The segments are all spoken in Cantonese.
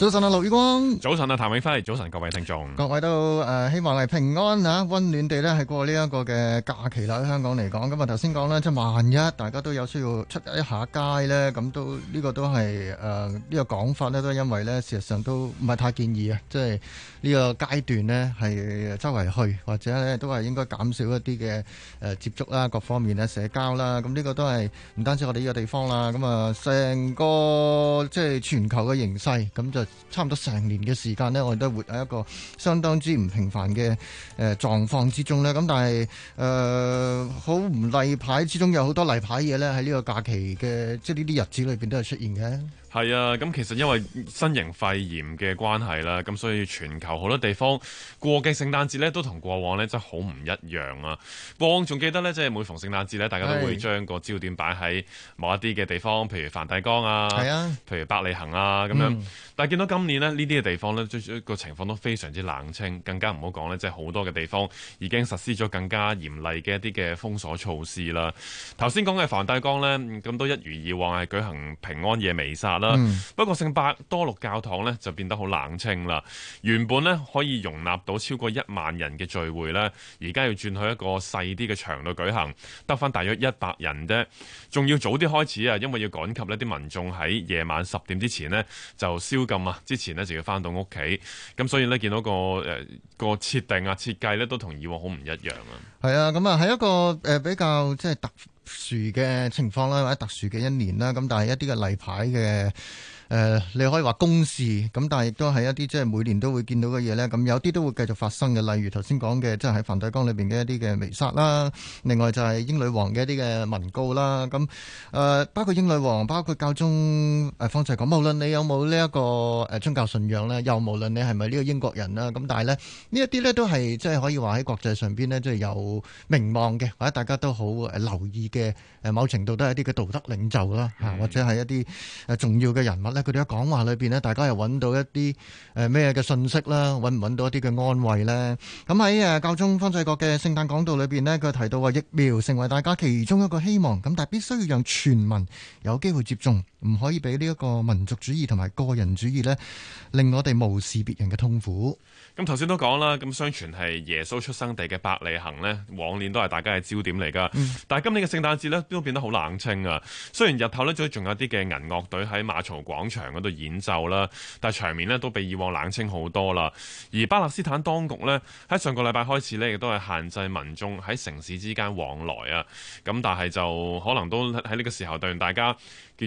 早晨啊，陸宇光。早晨啊，譚永輝。早晨，各位聽眾。各位都誒，希望係平安啊，溫暖地咧係過呢一個嘅假期啦。喺香港嚟講，咁啊頭先講啦，即係萬一大家都有需要出一下街咧，咁都呢個都係誒呢個講法咧，都因為咧事實上都唔係太建議啊。即係呢個階段咧係周圍去或者咧都係應該減少一啲嘅誒接觸啦，各方面咧社交啦，咁呢個都係唔單止我哋呢個地方啦，咁啊成個即係全球嘅形勢咁就。差唔多成年嘅時間咧，我哋都活喺一個相當之唔平凡嘅誒、呃、狀況之中咧。咁但係誒好唔例牌之中，有好多例牌嘢咧喺呢個假期嘅即係呢啲日子裏邊都係出現嘅。係啊，咁其實因為新型肺炎嘅關係啦，咁所以全球好多地方過嘅聖誕節咧，都同過往咧真係好唔一樣啊！過往仲記得咧，即係每逢聖誕節咧，大家都會將個焦點擺喺某一啲嘅地方，的譬如梵蒂岡啊，的譬如伯利恆啊咁樣。嗯、但係見到今年呢呢啲嘅地方咧，個情況都非常之冷清，更加唔好講咧，即係好多嘅地方已經實施咗更加嚴厲嘅一啲嘅封鎖措施啦。頭先講嘅梵蒂岡咧，咁都一如以往係舉行平安夜彌撒啦，嗯、不過聖伯多禄教堂咧就變得好冷清啦。原本呢，可以容納到超過一萬人嘅聚會咧，而家要轉去一個細啲嘅場度舉行，得返大約一百人啫。仲要早啲開始啊，因為要趕及呢啲民眾喺夜晚十點之前呢就宵禁就啊，之前呢就要返到屋企。咁所以呢，見到個誒個設定啊設計呢，都同以往好唔一樣啊。係啊，咁啊喺一個誒比較即係特。呃特殊嘅情況啦，或者特殊嘅一年啦，咁但係一啲嘅例牌嘅。誒，你可以話公事咁，但係亦都係一啲即係每年都會見到嘅嘢咧。咁有啲都會繼續發生嘅，例如頭先講嘅，即係喺梵蒂岡裏邊嘅一啲嘅彌撒啦。另外就係英女王嘅一啲嘅文告啦。咁誒，包括英女王，包括教宗誒方濟各，無論你有冇呢一個誒宗教信仰咧，又無論你係咪呢個英國人啦，咁但係咧，呢一啲咧都係即係可以話喺國際上邊咧，即係有名望嘅，或者大家都好誒留意嘅。誒某程度都係一啲嘅道德領袖啦，或者係一啲誒重要嘅人物咧。佢哋喺講話裏邊呢，大家又揾到一啲誒咩嘅信息啦？揾唔揾到一啲嘅安慰呢？咁喺誒教宗方濟各嘅聖誕講道裏邊呢，佢提到話疫苗成為大家其中一個希望，咁但係必須要讓全民有機會接種，唔可以俾呢一個民族主義同埋個人主義呢，令我哋無視別人嘅痛苦。咁頭先都講啦，咁相傳係耶穌出生地嘅伯利恆呢，往年都係大家嘅焦點嚟噶，嗯、但係今年嘅聖誕節呢，都變得好冷清啊。雖然日頭呢，仲有啲嘅銀樂隊喺馬槽廣。場嗰度演奏啦，但係場面呢都比以往冷清好多啦。而巴勒斯坦當局呢，喺上個禮拜開始呢，亦都係限制民眾喺城市之間往來啊。咁但係就可能都喺呢個時候對大家。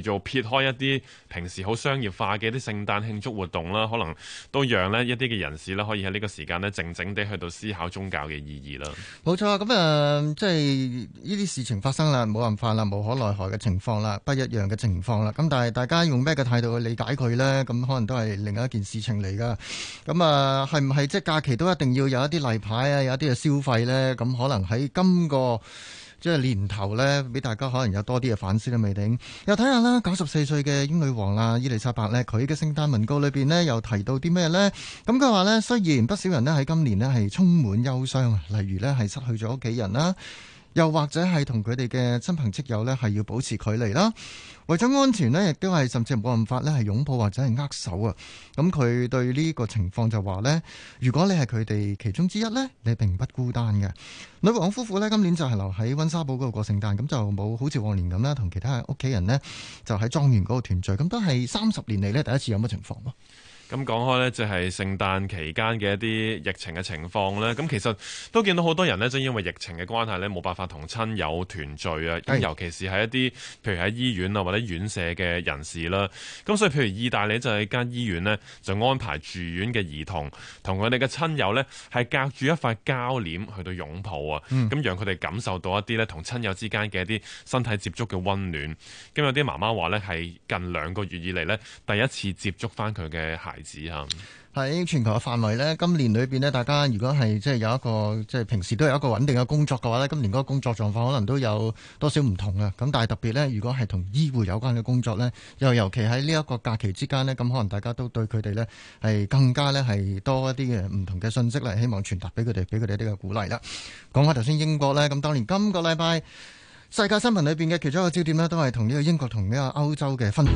叫做撇開一啲平時好商業化嘅一啲聖誕慶祝活動啦，可能都讓呢一啲嘅人士呢可以喺呢個時間呢靜靜地去到思考宗教嘅意義啦。冇錯啊，咁啊、嗯，即係呢啲事情發生啦，冇辦法啦，無可奈何嘅情況啦，不一樣嘅情況啦。咁但係大家用咩嘅態度去理解佢呢？咁可能都係另一件事情嚟噶。咁啊，係唔係即係假期都一定要有一啲例牌啊，有一啲嘅消費呢？咁可能喺今個。即係年頭呢，俾大家可能有多啲嘅反思都未定。又睇下啦，九十四歲嘅英女王啦，伊麗莎白呢，佢嘅聖誕文告裏面呢，又提到啲咩呢？咁佢話呢，雖然不少人呢喺今年呢係充滿憂傷，例如呢係失去咗屋企人啦。又或者係同佢哋嘅親朋戚友呢係要保持距離啦。為咗安全呢，亦都係甚至冇辦法呢係擁抱或者係握手啊。咁佢對呢個情況就話呢，如果你係佢哋其中之一呢，你並不孤單嘅。女王夫婦呢，今年就係留喺溫莎堡嗰度過聖誕，咁就冇好似往年咁啦，同其他屋企人呢，就喺莊園嗰度團聚，咁都係三十年嚟呢，第一次有乜情況咯。咁講開呢，就係聖誕期間嘅一啲疫情嘅情況啦。咁其實都見到好多人呢，即因為疫情嘅關係呢，冇辦法同親友團聚啊。咁尤其是係一啲譬如喺醫院啊或者院舍嘅人士啦。咁所以譬如意大利就係間醫院呢，就安排住院嘅兒童同佢哋嘅親友呢，係隔住一塊膠簾去到擁抱啊。咁、嗯、讓佢哋感受到一啲呢同親友之間嘅一啲身體接觸嘅溫暖。咁有啲媽媽話呢，係近兩個月以嚟呢，第一次接觸翻佢嘅孩子。喺全球嘅範圍呢，今年裏邊呢，大家如果係即係有一個即係平時都有一個穩定嘅工作嘅話咧，今年嗰個工作狀況可能都有多少唔同啊！咁但係特別呢，如果係同醫護有關嘅工作呢，又尤其喺呢一個假期之間呢，咁可能大家都對佢哋呢係更加呢係多一啲嘅唔同嘅信息嚟，希望傳達俾佢哋，俾佢哋一啲嘅鼓勵啦。講返頭先英國呢，咁當年今個禮拜世界新聞裏邊嘅其中一個焦點呢，都係同呢個英國同呢個歐洲嘅分。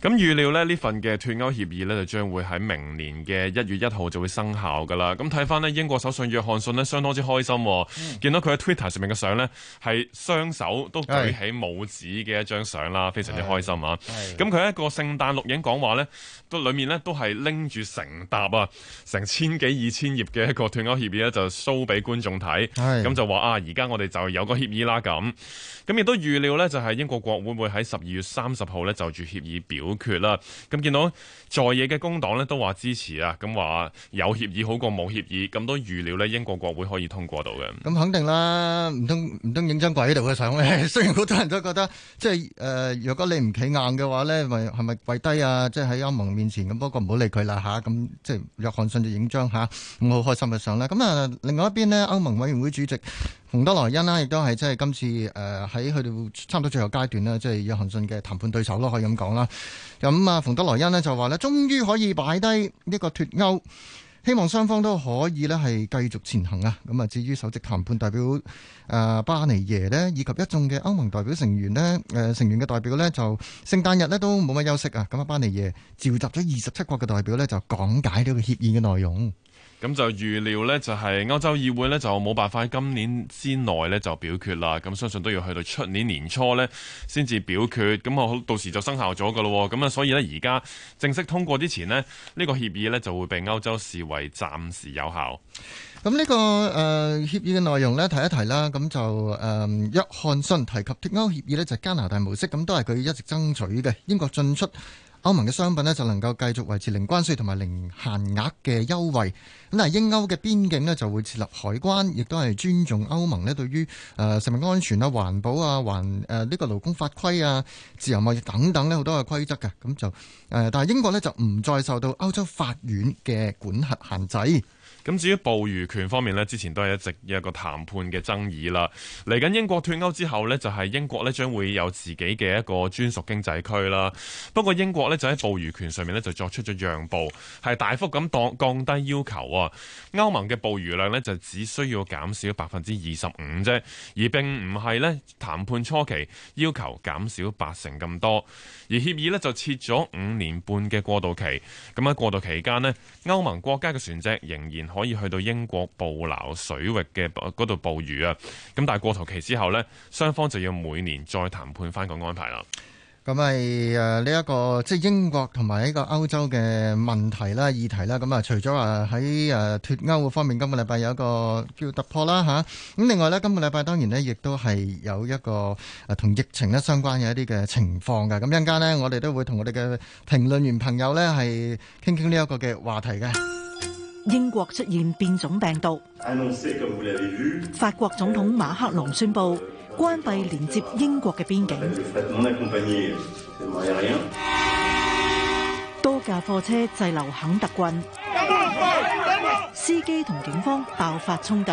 咁預料呢，呢份嘅脫歐協議呢，就將會喺明年嘅一月一號就會生效噶啦。咁睇翻呢，英國首相約翰遜呢，相當之開心、哦，嗯、見到佢喺 Twitter 上面嘅相呢，係雙手都舉起拇指嘅一張相啦，的非常之開心啊！咁佢一個聖誕錄影講話呢，都裏面呢，都係拎住成沓啊，成千幾二千頁嘅一個脫歐協議呢，就 show 俾觀眾睇，咁的就話啊，而家我哋就有個協議啦咁。咁亦都預料呢，就係、是、英國國會唔會喺十二月三十號呢就住協議表。表決啦，咁見到在野嘅工黨都話支持啊，咁話有協議好過冇協議，咁都預料呢英國國會可以通過到嘅。咁肯定啦，唔通唔通影張跪喺度嘅相咧？雖然好多人都覺得即係誒，呃、若果你唔企硬嘅話咧，咪係咪跪低啊？即係喺歐盟面前咁，不過唔好理佢啦吓。咁、啊、即係約翰遜就影張吓，咁、啊、好開心嘅相啦。咁啊，另外一邊呢，歐盟委員會主席。馮德萊恩呢，亦都係即係今次誒喺佢哋差唔多最後階段咧，即係約翰遜嘅談判對手咯，可以咁講啦。咁、嗯、啊，馮德萊恩呢就話呢，終於可以擺低呢個脱歐，希望雙方都可以呢係繼續前行啊。咁、嗯、啊，至於首席談判代表誒、呃、巴尼耶呢，以及一眾嘅歐盟代表成員呢，誒、呃、成員嘅代表呢，就聖誕日呢都冇乜休息啊。咁、嗯、啊，巴尼耶召集咗二十七國嘅代表呢，就講解呢個協議嘅內容。咁就預料呢，就係歐洲議會呢，就冇辦法喺今年之內呢就表決啦。咁相信都要去到出年年初呢先至表決。咁啊到時就生效咗噶咯。咁啊，所以呢，而家正式通過之前呢，呢、這個協議呢就會被歐洲視為暫時有效。咁呢、這個誒、呃、協議嘅內容呢，提一提啦。咁就誒、呃、約翰遜提及脫歐協議呢，就係、加拿大模式，咁都係佢一直爭取嘅英國進出，歐盟嘅商品咧，就能夠繼續維持零關稅同埋零限額嘅優惠。咁但係英歐嘅邊境咧，就會設立海關，亦都係尊重歐盟咧對於誒食物安全啊、環保啊、環誒呢個勞工法規啊、自由貿易等等咧好多嘅規則嘅。咁就誒，但係英國呢就唔再受到歐洲法院嘅管轄限制。咁至於捕魚權方面呢，之前都係一直有一個談判嘅爭議啦。嚟緊英國脫歐之後呢，就係、是、英國呢將會有自己嘅一個專屬經濟區啦。不過英國呢，就喺捕魚權上面呢，就作出咗讓步，係大幅咁降降低要求啊。歐盟嘅捕魚量呢，就只需要減少百分之二十五啫，而並唔係呢，談判初期要求減少八成咁多。而協議呢，就設咗五年半嘅過渡期，咁喺過渡期間呢，歐盟國家嘅船隻仍然可以去到英國捕撈水域嘅嗰度捕魚啊！咁但係過渡期之後呢，雙方就要每年再談判翻個安排啦。咁係誒呢一個即係英國同埋一個歐洲嘅問題啦、議題啦。咁啊，除咗話喺誒脱歐方面，今個禮拜有一個叫突破啦吓，咁另外呢，今個禮拜當然呢，亦都係有一個誒同疫情咧相關嘅一啲嘅情況嘅。咁一陣間呢，我哋都會同我哋嘅評論員朋友呢，係傾傾呢一個嘅話題嘅。英國出現變種病毒，法國總統馬克龍宣佈關閉連接英國嘅邊境。多架貨車滯留肯特郡，司機同警方爆發衝突。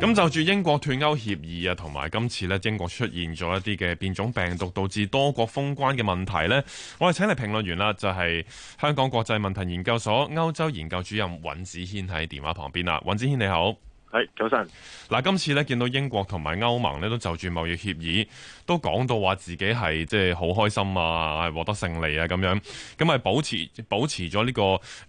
咁就住英國脫歐協議啊，同埋今次咧英國出現咗一啲嘅變種病毒，導致多國封關嘅問題呢。我哋請嚟評論員啦，就係香港國際問題研究所歐洲研究主任尹子軒喺電話旁邊啦，尹子軒你好。係早晨。嗱，今次咧見到英國同埋歐盟咧都就住貿易協議都講到話自己係即係好開心啊，係獲得勝利啊咁樣，咁係保持保持咗呢個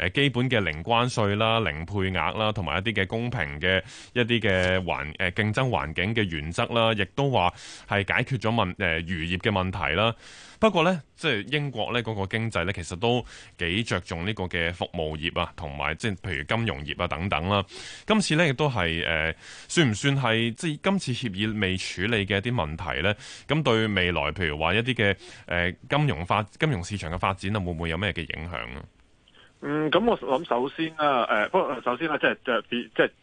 誒基本嘅零關稅啦、零配額啦，同埋一啲嘅公平嘅一啲嘅環誒競爭環境嘅原則啦，亦都話係解決咗問誒漁業嘅問題啦。不過呢，即係英國呢嗰個經濟咧，其實都幾着重呢個嘅服務業啊，同埋即係譬如金融業啊等等啦。今次呢，亦都係誒，算唔算係即係今次協議未處理嘅一啲問題呢，咁對未來譬如話一啲嘅誒金融發金融市場嘅發展啊，會唔會有咩嘅影響咧？嗯，咁我諗首先啦，誒，不過首先啦、就是，即係即係即係。就是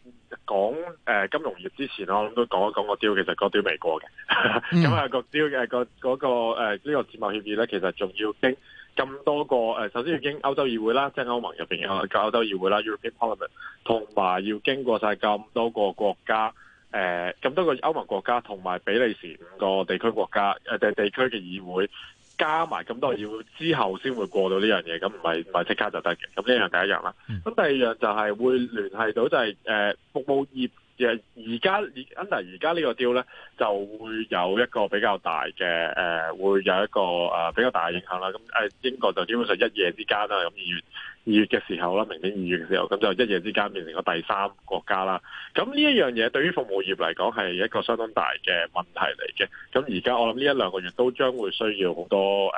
講誒金融業之前，我諗都講一講個 deal 其實個 deal 未過嘅，咁啊、mm. 個 deal 嘅嗰個呢、嗰個簽貿、呃呢個、協議咧，其實仲要經咁多個，首先要經歐洲議會啦，即係、mm. 歐盟入邊嘅歐洲議會啦，European Parliament，同埋要經過晒咁多個國家，咁、呃、多個歐盟國家，同埋比利時五個地區國家地、呃、地區嘅議會。加埋咁多嘢之後先會過到呢樣嘢，咁唔係唔係即刻就得嘅。咁呢樣第一樣啦，咁第二樣就係會聯繫到就係、是、誒、呃、服務業而家 under 而家呢個 deal 咧就會有一個比較大嘅誒、呃、會有一個誒、呃、比較大嘅影響啦。咁誒英國就基本上一夜之間啦咁二月。二月嘅時候啦，明年二月嘅時候，咁就一夜之間變成咗第三國家啦。咁呢一樣嘢對於服務業嚟講係一個相當大嘅問題嚟嘅。咁而家我諗呢一兩個月都將會需要好多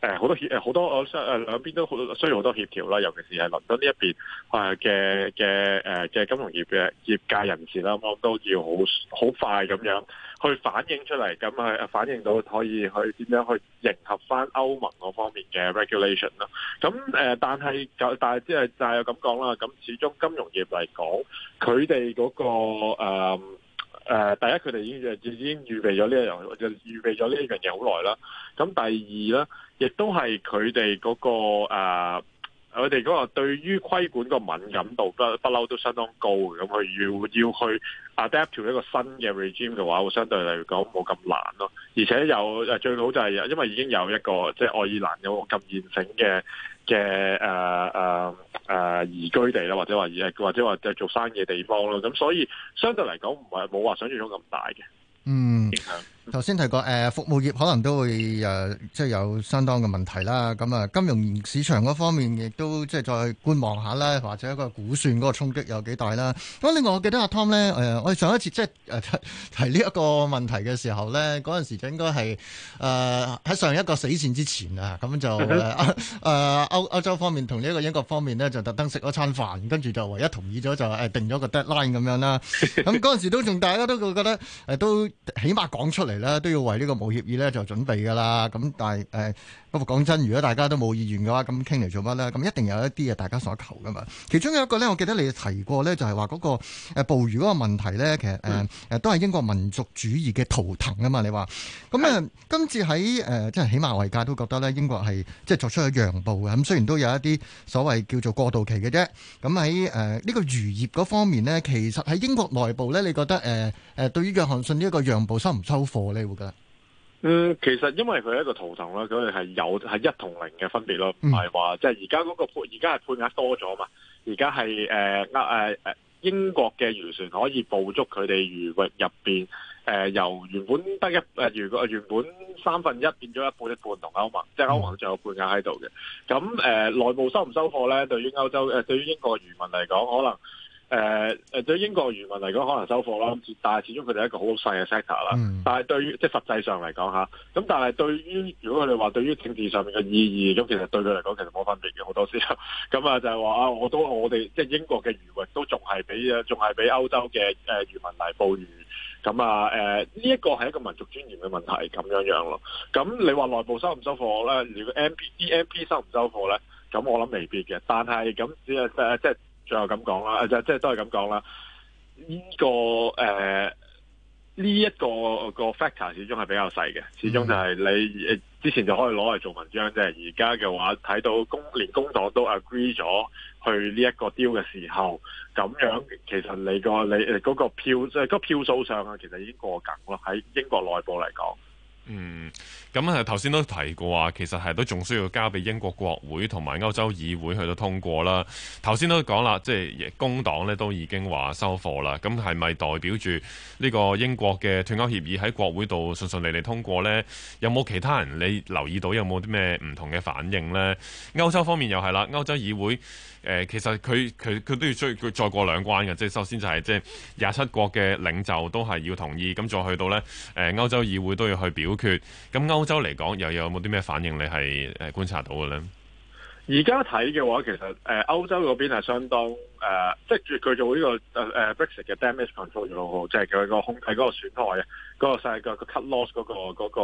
誒好多好多，我、呃、諗、呃、兩邊都需要好多協調啦。尤其是係倫敦呢一邊嘅嘅嘅金融業嘅業界人士啦，我諗都要好好快咁樣，去反映出嚟，咁啊反映到可以去點樣去迎合翻歐盟嗰方面嘅 regulation 啦。咁誒、呃，但係就但係即係就係咁講啦。咁始終金融業嚟講佢哋嗰個誒誒、呃呃，第一佢哋已經已經預備咗呢一樣，就預備咗呢一樣嘢好耐啦。咁第二咧，亦都係佢哋嗰個誒。呃我哋嗰個對於規管個敏感度不不嬲都相當高嘅，咁佢要要去 adapt to 一個新嘅 regime 嘅話，會相對嚟講冇咁難咯。而且有誒最好就係因為已經有一個即係、就是、愛爾蘭有個咁現成嘅嘅誒誒誒移居地啦，或者話誒或者話做生意地方咯。咁所以相對嚟講唔係冇話想象中咁大嘅嗯影響。頭先提過誒、呃、服務業可能都會誒、呃、即係有相當嘅問題啦。咁、嗯、啊，金融市場嗰方面亦都即係再觀望下啦，或者一個估算嗰衝擊有幾大啦。咁另外，我記得阿、啊、Tom 咧誒、哎、我哋上一次即係誒、呃、提呢一個問題嘅時候咧，嗰陣時就應該係誒喺上一個死線之前啊，咁就誒歐歐洲方面同呢一個英國方面咧，就特登食咗餐飯，跟住就唯一同意咗就誒定咗個 deadline 咁樣啦。咁嗰陣時都仲大家都覺得誒都、呃、起碼講出嚟。都要為呢個冇協議呢就準備噶啦，咁但係誒，不過講真，如果大家都冇意願嘅話，咁傾嚟做乜呢？咁一定有一啲嘢大家所求噶嘛。其中有一個呢，我記得你提過呢，就係話嗰個誒捕魚嗰個問題呢，其實誒誒、呃、都係英國民族主義嘅圖騰啊嘛。你話咁啊，那是今次喺誒，即、呃、係起碼外界都覺得呢，英國係即係作出咗讓步嘅。咁雖然都有一啲所謂叫做過渡期嘅啫。咁喺誒呢個漁業嗰方面呢，其實喺英國內部呢，你覺得誒誒、呃呃、對於約翰遜呢一個讓步收唔收貨？嗯，其實因為佢係一個圖騰啦，佢哋係有係一同零嘅分別咯，唔係話即係而家嗰個現在是配，而家係配額多咗嘛。而家係誒誒誒，英國嘅漁船可以捕捉佢哋漁域入邊誒，由原本得一誒，如、呃、果原本三分一變咗一半一半同歐盟，嗯、即係歐盟就有配額喺度嘅。咁誒，內、呃、部收唔收貨咧？對於歐洲誒、呃，對於英國漁民嚟講，可能。誒誒、呃，對英國漁民嚟講，可能收貨啦，但係始終佢哋係一個好細嘅 sector 啦。嗯、但係對於即係實際上嚟講嚇，咁但係對於如果佢哋話對於政治上面嘅意義，咁其實對佢嚟講其實冇分別嘅好多時候。咁啊就係話啊，我都我哋即係英國嘅漁域都仲係比啊，仲係比歐洲嘅誒漁民嚟捕魚。咁啊誒，呢、呃、一、這個係一個民族尊嚴嘅問題咁樣樣咯。咁你話內部收唔收貨咧？如果 M P E M P 收唔收貨咧？咁我諗未必嘅。但係咁只係即係。最後咁講啦，就即、係、係都係咁講啦。呢、呢個誒呢一個個 factor 始終係比較細嘅，始終就係你之前就可以攞嚟做文章啫。而家嘅話睇到工連工黨都 agree 咗去呢一個 deal 嘅時候，咁樣其實你、嗰個你嗰個票即係、嗰個票數上啊，其實已經過緊喇，喺英國內部嚟講。嗯，咁啊，頭先都提過啊，其實係都仲需要交俾英國國會同埋歐洲議會去到通過啦。頭先都講啦，即係工黨呢都已經話收貨啦。咁係咪代表住呢個英國嘅脫歐協議喺國會度順順利利通過呢？有冇其他人你留意到有冇啲咩唔同嘅反應呢？歐洲方面又係啦，歐洲議會、呃、其實佢佢佢都要需要佢再過兩關嘅，即係首先就係、是、即係廿七國嘅領袖都係要同意，咁再去到呢，誒、呃、歐洲議會都要去表。缺咁歐洲嚟講又有冇啲咩反應？你係誒觀察到嘅咧？而家睇嘅話，其實誒、呃、歐洲嗰邊係相當誒，即係佢做呢、這個誒誒、呃呃、Brexit 嘅 damage control 做得好好，即係佢個空喺嗰個損害啊，嗰個細個 cut loss 嗰個嗰個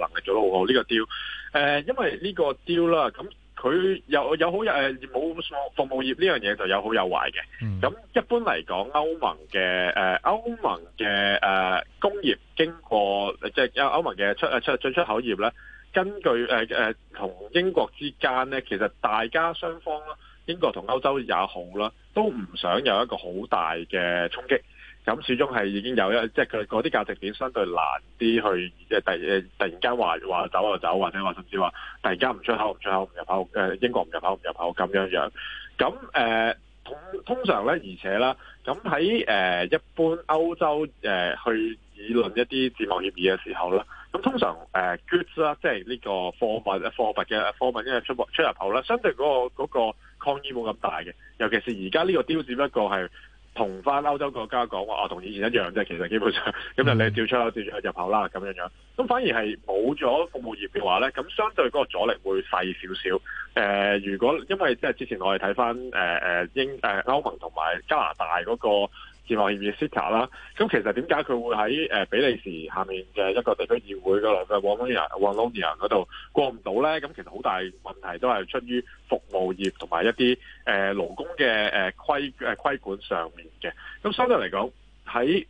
能力做得好好。呢、這個 deal，e、呃、因為呢個 deal 啦咁。呃佢有有好、呃、有冇服服務業呢樣嘢就有好有壞嘅。咁一般嚟講，歐盟嘅誒歐盟嘅誒、呃、工業經過即係歐盟嘅出誒出進出、出口業咧，根據誒誒、呃呃、同英國之間咧，其實大家雙方啦，英國同歐洲也好啦，都唔想有一個好大嘅衝擊。咁始終係已經有一即係佢嗰啲價值點相對難啲去即係突誒突然間話走就走，或者話甚至話突然間唔出口唔出口唔入口唔入口英國唔入口唔入口咁樣樣。咁誒、呃、通通常咧，而且啦，咁喺誒一般歐洲誒、呃、去議論一啲自貿協議嘅時候咧，咁通常 goods 啦，呃、goods, 即係呢個貨物啊貨物嘅貨物嘅出出入口啦，相對嗰、那個嗰、那個、抗議冇咁大嘅，尤其是而家呢個 deal 只不過係。同翻歐洲國家講話，同、啊、以前一樣啫。其實基本上，咁就你調出口啦，調出入口啦，咁樣樣。咁反而係冇咗服務業嘅話咧，咁相對嗰個阻力會細少少。誒、呃，如果因為即係之前我哋睇翻誒誒英誒、呃、歐盟同埋加拿大嗰、嗰個。i t 啦，咁其實點解佢會喺誒比利時下面嘅一個地區議會嘅嘅 Wallonia Wallonia 嗰度過唔到咧？咁其實好大問題都係出於服務業同埋一啲誒勞工嘅誒規誒規管上面嘅。咁相對嚟講喺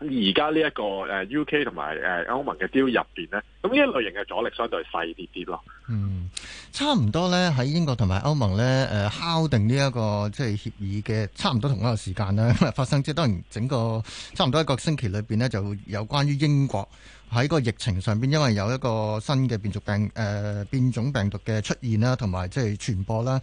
而家呢一個誒 UK 同埋誒歐盟嘅 deal 入邊呢，咁呢一類型嘅阻力相對細啲啲咯。嗯，差唔多在英國和歐盟呢，喺英國同埋歐盟呢誒敲定呢一個即係協議嘅差唔多同一個時間咧，發生即係當然整個差唔多一個星期裏邊呢，就有關於英國。喺個疫情上邊，因為有一個新嘅變種病誒變種病毒嘅出現啦，同埋即係傳播啦，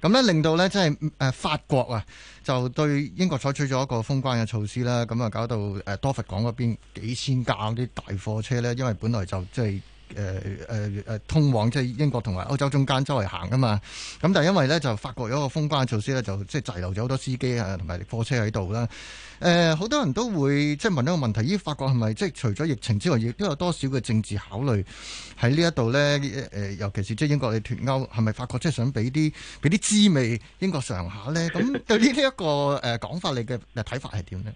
咁呢令到呢，即係誒法國啊，就對英國採取咗一個封關嘅措施啦，咁啊搞到誒多佛港嗰邊幾千架啲大貨車呢，因為本來就即係。誒誒誒，通往即係英國同埋歐洲中間周圍行啊嘛，咁但係因為咧就法國有一個封關嘅措施咧，就即係滯留咗好多司機啊同埋貨車喺度啦。誒、呃，好多人都會即係問一個問題：依法國係咪即係除咗疫情之外，亦都有多少嘅政治考慮喺呢一度咧？誒、呃，尤其是即係英國你脫歐，係咪法國即係想俾啲俾啲滋味英國上下咧？咁對呢、呢、一個誒、 呃、講法你嘅睇法係點呢？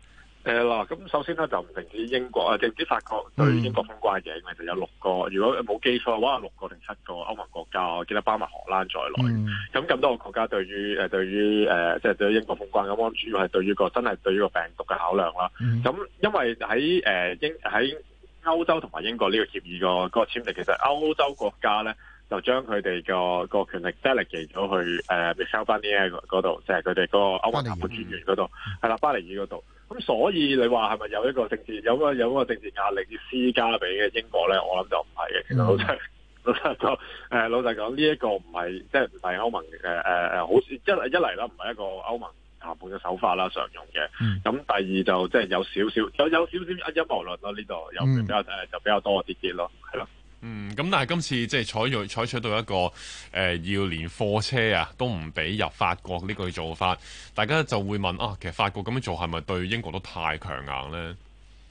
係啦，咁首先咧就唔止英國啊，甚至法國對英國封關嘅，其實、嗯、有六個。如果冇記錯，嘅話，六個定七個歐盟國家，我記得包埋荷蘭在內。咁咁、嗯、多個國家對於誒，對於誒，即、呃係、對於英國封關咁、嗯，我諗主要係對於個真係對於個病毒嘅考量啦。咁、嗯、因為喺誒英喺歐洲同埋英國呢個協議個個簽訂，其實歐洲國家咧。就將佢哋個個權力 delegate 咗去誒 Michel Barnier 嗰度，即係佢哋嗰個歐盟談判專員嗰度，係啦，巴黎爾嗰度。咁所以你話係咪有一個政治有個有個政治壓力要施加俾嘅英國咧？我諗就唔係嘅。其實、嗯、老實說老實就誒老實講呢、這個就是呃、一,一個唔係即係唔係歐盟誒誒誒好一一嚟啦，唔係一個歐盟談判嘅手法啦，常用嘅。咁、嗯、第二就即係、就是、有少少有有少少陰謀論咯，呢度有比較誒就比較多啲啲咯，係啦。嗯，咁但係今次即係採用採取到一個誒、呃，要連貨車啊都唔俾入法國呢個做法，大家就會問啊，其實法國咁樣做係咪對英國都太強硬呢？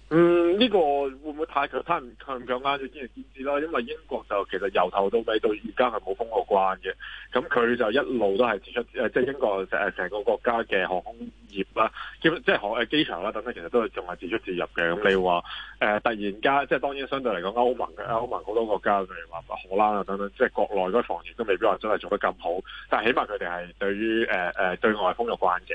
嗯，呢、這個會唔會太強？睇唔強唔強硬，要見仁見智啦。因為英國就其實由頭到尾到而家係冇封過關嘅，咁佢就一路都係自出誒，即係英國誒，成個國家嘅航空業啦，即係機場啦等等，其實都係仲係自出自入嘅。咁你話誒、呃，突然間即係當然相對嚟講，歐盟歐盟好多國家，譬如話荷蘭啊等等，即係國內嗰個防疫都未必話真係做得咁好，但係起碼佢哋係對於誒誒、呃呃、對外封咗關嘅。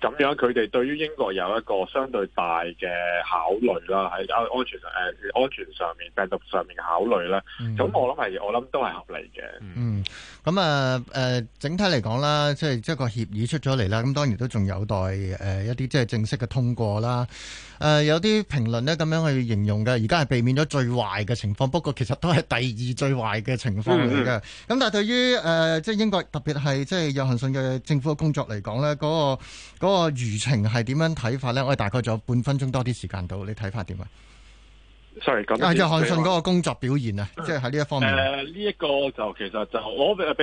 咁樣佢哋對於英國有一個相對大嘅考慮啦，喺安安全上安全上面、病毒上面嘅考慮啦。咁我諗係我諗都係合理嘅、嗯。嗯，咁、嗯、啊、嗯、整體嚟講啦，即係即係個協議出咗嚟啦，咁當然都仲有待一啲即係正式嘅通過啦。誒、呃，有啲評論咧咁樣去形容嘅，而家係避免咗最壞嘅情況，不過其實都係第二最壞嘅情況嚟嘅。咁、mm hmm. 但係對於、呃、即係英國特別係即係約翰遜嘅政府嘅工作嚟講咧，嗰、那個嗰、那個、輿情係點樣睇法咧？我哋大概仲有半分鐘多啲時間到，你睇法點啊？sorry，約翰遜嗰個工作表現啊，嗯、即係喺呢一方面。呢一、呃這個就其實就我比，我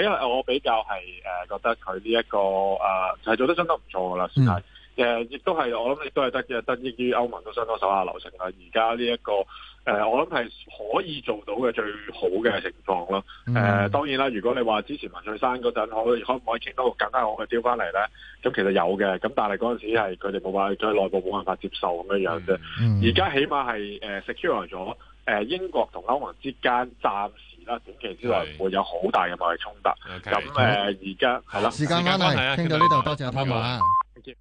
比較係誒、啊、覺得佢呢一個、啊、就係、是、做得相當唔錯噶啦，算係。嗯誒，亦都係我諗，亦都係得嘅，得益於歐盟都相當手下留情啦。而家呢一個誒、呃，我諗係可以做到嘅最好嘅情況咯。誒、嗯呃，當然啦，如果你話之前文翠珊嗰陣可可唔可以傾到更加好嘅招翻嚟咧，咁、嗯、其實有嘅。咁但係嗰陣時係佢哋冇辦法，佢內部冇辦法接受咁樣樣啫。而家、嗯嗯、起碼係 secure 咗，英國同歐盟之間暫時啦，短期之內會有好大嘅貿易衝突。咁而家係啦，啊、了時間啱啦、啊，傾到呢度天多謝阿潘華。啊謝謝。